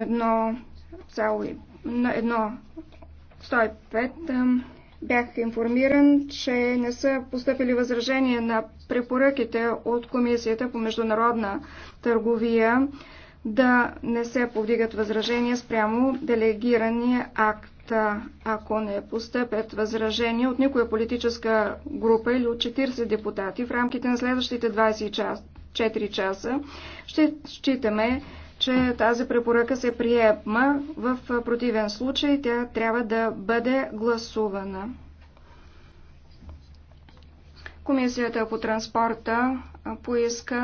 едно, цяло, на едно 105 бях информиран, че не са поступили възражения на препоръките от Комисията по международна търговия да не се повдигат възражения спрямо делегирания акт. Ако не постъпят възражения от никоя политическа група или от 40 депутати в рамките на следващите 24 часа, ще считаме, че тази препоръка се приема. В противен случай тя трябва да бъде гласувана. Комисията по транспорта поиска